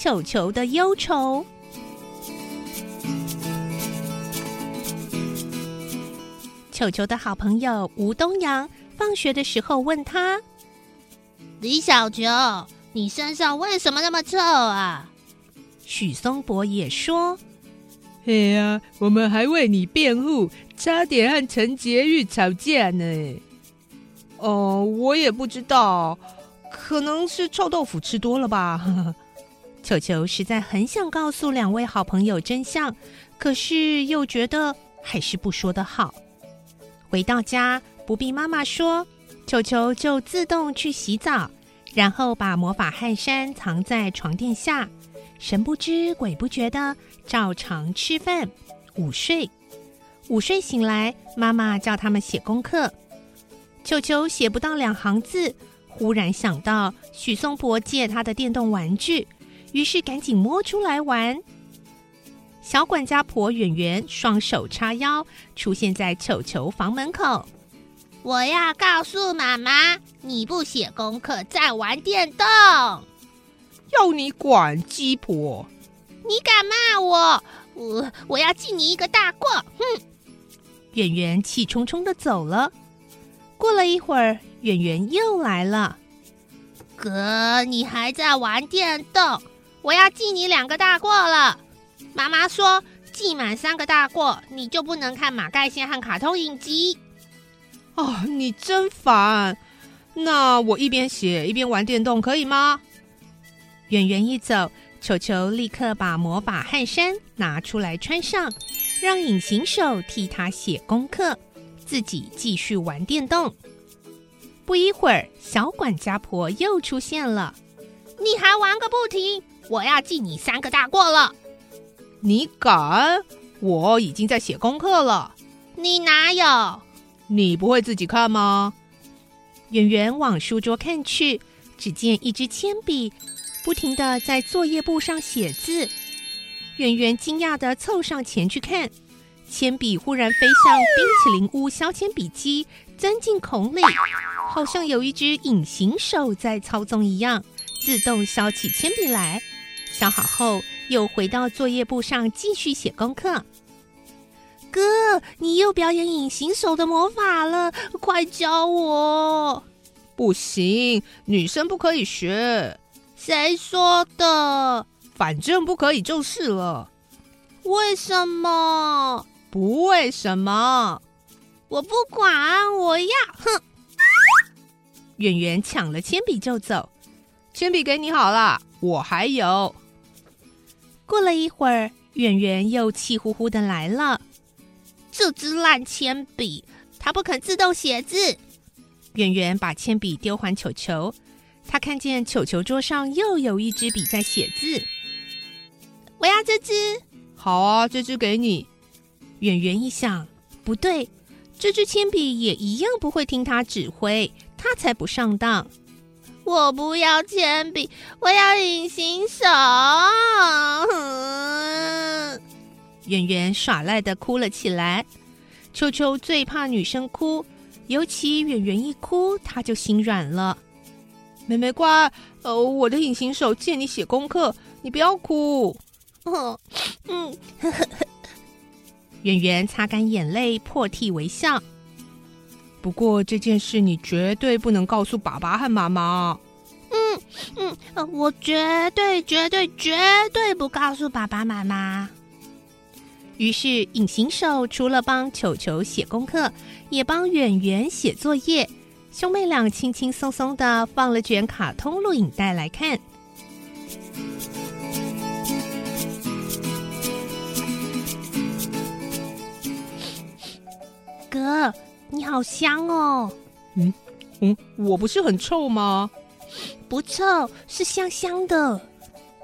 裘裘的憂愁。裘裘的好朋友吳東陽放學的時候問他：“李小裘，你身上為什麼那麼臭啊？”許松柏也說：“嘿呀、啊，我們還為你辯護，差點和陳潔玉吵架呢。”哦，我也不知道，可能是臭豆腐吃多了吧。嗯裘裘實在很想告訴兩位好朋友真相，可是又覺得還是不說的好。回到家，不必媽媽說，裘裘就自動去洗澡，然後把魔法汗衫藏在床墊下，神不知鬼不覺的照常吃飯、午睡。午睡醒來，媽媽叫他們寫功課，裘裘寫不到兩行字，忽然想到許松柏借他的電動玩具。於是趕緊摸出來玩。小管家婆圓圓雙手叉腰，出現在裘裘房門口。我要告訴媽媽，你不寫功課，在玩電動。要你管雞婆！你敢罵我？我、呃、我要記你一個大過。哼！圓圓氣沖沖的走了。過了一會兒，圓圓又來了。哥，你還在玩電動？我要記你兩個大過了，媽媽說，記滿三個大過，你就不能看馬蓋先和卡通影集。哦，你真煩！那我一邊寫一邊玩電動可以嗎？圓圓一走，裘裘立刻把魔法汗衫拿出來穿上，讓隱形手替他寫功課，自己繼續玩電動。不一會兒，小管家婆又出現了。你還玩個不停！我要記你三個大過了。你敢？我已經在寫功課了。你哪有？你不會自己看嗎？圓圓往書桌看去，只見一支鉛筆不停的在作業簿上寫字。圓圓驚訝的湊上前去看，鉛筆忽然飛向冰淇淋屋削鉛筆機，鑽進孔裡，好像有一隻隱形手在操縱一樣。自動削起鉛筆來，削好後又回到作業簿上繼續寫功課。哥，你又表演隱形手的魔法了，快教我！不行，女生不可以學。誰說的？反正不可以就是了。為什麼？不為什麼。我不管，我要！哼！圓圓搶了鉛筆就走。鉛筆給你好了，我還有。過了一會兒，圓圓又氣呼呼的來了，這支爛鉛筆，它不肯自動寫字。圓圓把鉛筆丟還球球，她看見球球桌上又有一支筆在寫字，我要這支。好啊，這支給你。圓圓一想，不對，這支鉛筆也一樣不會聽她指揮，她才不上當。我不要鉛筆，我要隱形手。嗯、圓圓耍賴的哭了起來。裘裘最怕女生哭，尤其圓圓一哭，她就心軟了。梅梅乖，呃，我的隱形手借你寫功課，你不要哭。嗯、哦、嗯， 圓圓擦乾眼淚，破涕為笑。不過這件事你絕對不能告訴爸爸和媽媽。嗯嗯，我絕對絕對絕對不告訴爸爸媽媽。於是隱形手除了幫裘裘寫功課，也幫遠遠寫作業。兄妹倆輕輕鬆鬆的放了卷卡通錄影帶來看。哥。你好香哦！嗯嗯，我不是很臭嗎？不臭，是香香的。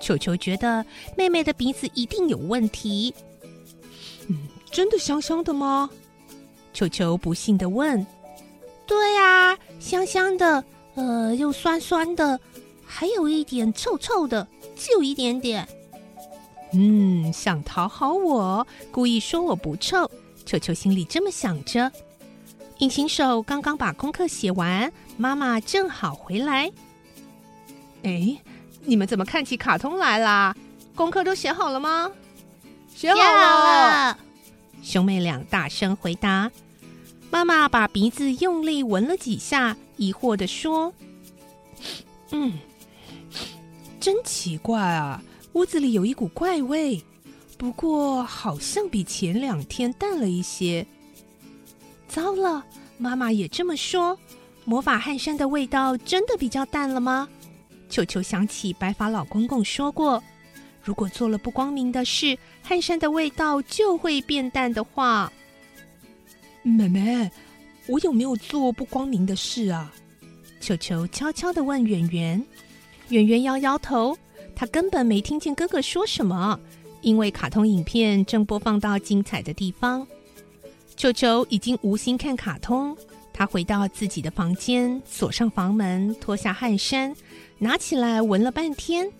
裘裘覺得妹妹的鼻子一定有問題。嗯，真的香香的嗎？裘裘不信的問。對啊，香香的，呃，又酸酸的，還有一點臭臭的，就一點點。嗯，想討好我，故意說我不臭。裘裘心裡這麼想着。隱形手剛剛把功課寫完，媽媽正好回來。哎，你們怎麼看起卡通來啦？功課都寫好了嗎？寫好了。寫好了。兄妹倆大聲回答。媽媽把鼻子用力聞了幾下，疑惑地說：“嗯，真奇怪啊，屋子裡有一股怪味，不過好像比前兩天淡了一些。”糟了，媽媽也這麼說。魔法汗衫的味道真的比較淡了嗎？裘裘想起白髮老公公說過，如果做了不光明的事，汗衫的味道就會變淡的話。妹妹，我有沒有做不光明的事啊？裘裘悄悄地問圓圓。圓圓搖搖搖頭，她根本沒聽見哥哥說什麼，因為卡通影片正播放到精彩的地方。裘裘已經無心看卡通，他回到自己的房間，鎖上房門，脫下汗衫，拿起來聞了半天。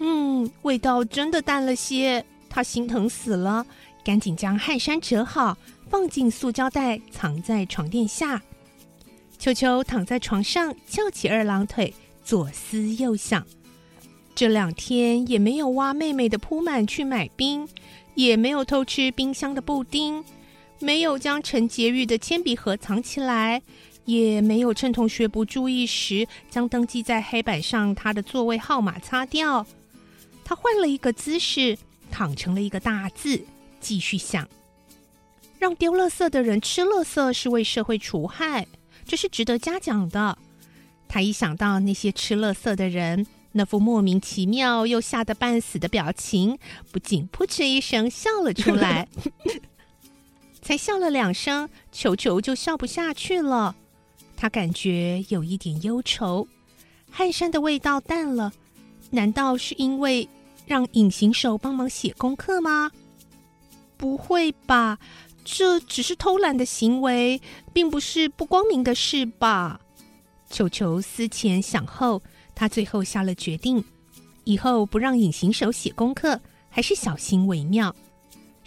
嗯，味道真的淡了些，他心疼死了，趕緊將汗衫折好，放進塑膠袋，藏在床墊下。裘裘躺在床上，翹起二郎腿，左思右想，這兩天也沒有挖妹妹的撲滿去買冰，也沒有偷吃冰箱的布丁，沒有將陳潔玉的鉛筆盒藏起來，也沒有趁同學不注意時將登記在黑板上他的座位號碼擦掉。他換了一個姿勢，躺成了一個大字，繼續想：讓丟垃圾的人吃垃圾是為社會除害，這是值得嘉獎的。他一想到那些吃垃圾的人，那副莫名其妙又嚇得半死的表情，不禁撲哧一聲笑了出來。 才笑了兩聲，裘裘就笑不下去了。他感覺有一點憂愁，汗衫的味道淡了。難道是因為讓隱形手幫忙寫功課嗎？不會吧，這只是偷懶的行為，並不是不光明的事吧？裘裘思前想後，他最後下了決定：以後不讓隱形手寫功課，還是小心為妙。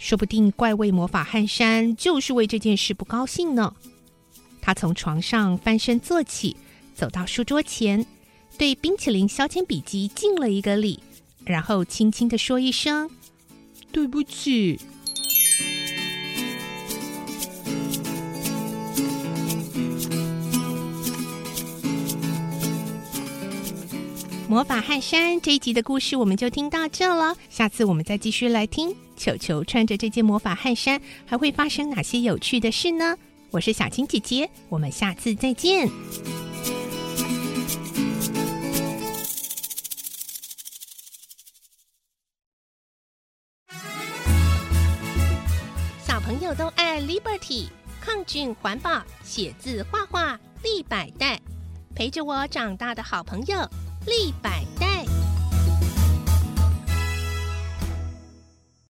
說不定怪味魔法汗衫就是為這件事不高興呢。他從床上翻身坐起，走到書桌前，對冰淇淋削鉛筆機敬了一個禮，然後輕輕的說一聲：“對不起。”魔法汗衫這一集的故事我們就聽到這了，下次我們再繼續來聽。裘裘穿着這件魔法汗衫，還會發生哪些有趣的事呢？我是小青姐姐，我們下次再見。小朋友都愛 Liberty，抗菌環保，寫字畫畫，利百代，陪着我長大的好朋友。立百代。